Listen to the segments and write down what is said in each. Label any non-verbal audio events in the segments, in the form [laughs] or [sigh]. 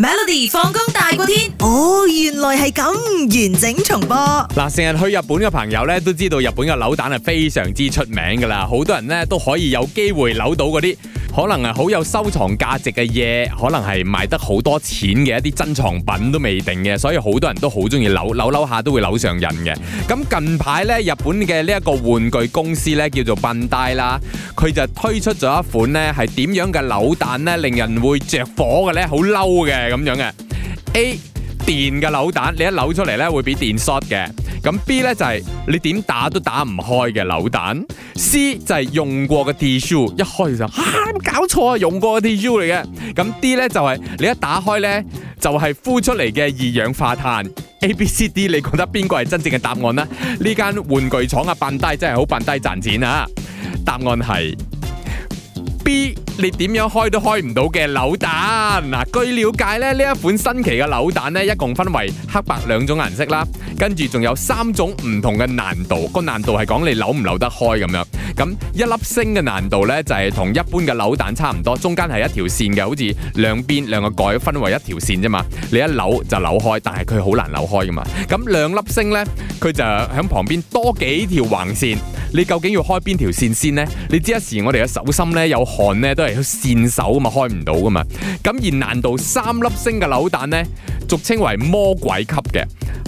Melody 放工大過天，哦，oh, 原來係咁，完整重播。嗱、啊，成日去日本嘅朋友咧，都知道日本嘅扭蛋係非常之出名噶啦，好多人咧都可以有機會扭到嗰啲。可能係好有收藏價值嘅嘢，可能係賣得好多錢嘅一啲珍藏品都未定嘅，所以好多人都好中意扭扭扭下都會扭上癮嘅。咁近排呢，日本嘅呢一個玩具公司呢叫做笨呆啦，佢就推出咗一款呢係點樣嘅扭蛋呢，令人會着火嘅呢，好嬲嘅咁樣嘅 A 電嘅扭蛋，你一扭出嚟呢會俾電 shot 嘅。咁 B 咧就係、是、你點打都打唔開嘅扭蛋，C 就係用過嘅 tissue 一開就啊，搞錯啊，用過嘅 tissue 嚟嘅。咁 D 咧就係、是、你一打開咧就係、是、孵出嚟嘅二氧化碳。A、B、C、D，你覺得邊個係真正嘅答案呢、啊？呢 [laughs] 間玩具廠啊，扮低真係好扮低賺錢啊！答案係。B，你點樣開都開唔到嘅扭蛋嗱，啊。據了解咧，呢一款新奇嘅扭蛋呢，一共分為黑白兩種顏色啦，跟住仲有三種唔同嘅難度。個難度係講你扭唔扭得開咁樣。咁一粒星嘅難度呢，就係同一般嘅扭蛋差唔多，中間係一條線嘅，好似兩邊兩個蓋分為一條線啫嘛。你一扭就扭開，但係佢好難扭開噶嘛。咁兩粒星呢，佢就響旁邊多幾條橫線。你究竟要開邊條線先呢？你知一時我哋嘅手心呢，有汗呢，都係線手啊嘛，開唔到噶嘛。咁而難度三粒星嘅扭蛋呢，俗稱為魔鬼級嘅，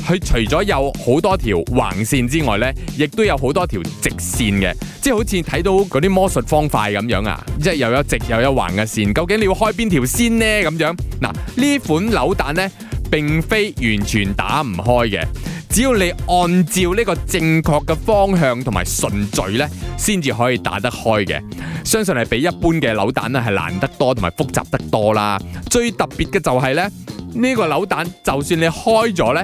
佢除咗有好多條橫線之外呢，亦都有好多條直線嘅，即係好似睇到嗰啲魔術方塊咁樣啊，即係又有，有直又有橫嘅線，究竟你要開邊條先呢？咁樣嗱，呢款扭蛋呢，並非完全打唔開嘅。只要你按照呢個正確嘅方向同埋順序呢，先至可以打得開嘅。相信係比一般嘅扭蛋咧係難得多，同埋複雜得多啦。最特別嘅就係咧，呢個扭蛋就算你開咗呢，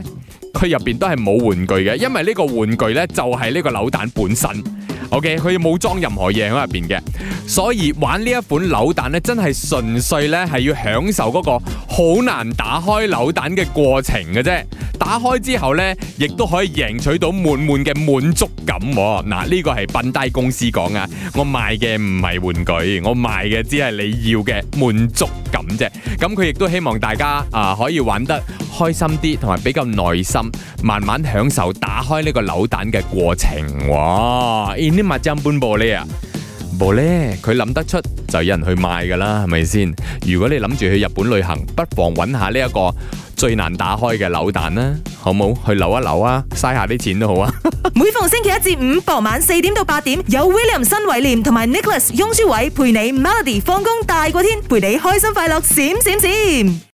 佢入邊都係冇玩具嘅，因為呢個玩具呢，就係呢個扭蛋本身。OK，佢冇裝任何嘢喺入邊嘅，所以玩呢一款扭蛋呢，真係純粹呢，係要享受嗰個好難打開扭蛋嘅過程嘅啫。打開之後呢，亦都可以贏取到滿滿嘅滿足感。嗱，呢個係 Bandai 公司講啊，我賣嘅唔係玩具，我賣嘅只係你要嘅滿足感啫。咁佢亦都希望大家啊，可以玩得開心啲，同埋比較耐心，慢慢享受打開呢個扭蛋嘅過程。哇！啲物將搬玻璃啊！部咧佢諗得出就有人去賣噶啦，係咪先？如果你諗住去日本旅行，不妨搵下呢一個最難打開嘅扭蛋啦，好唔好？去扭一扭啊，嘥下啲錢都好啊！ [laughs] 每逢星期一至五傍晚四點到八點，有 William 新偉廉同埋 Nicholas 雍舒偉陪你 Melody 放工大過天，陪你開心快樂閃閃閃。閃閃閃閃。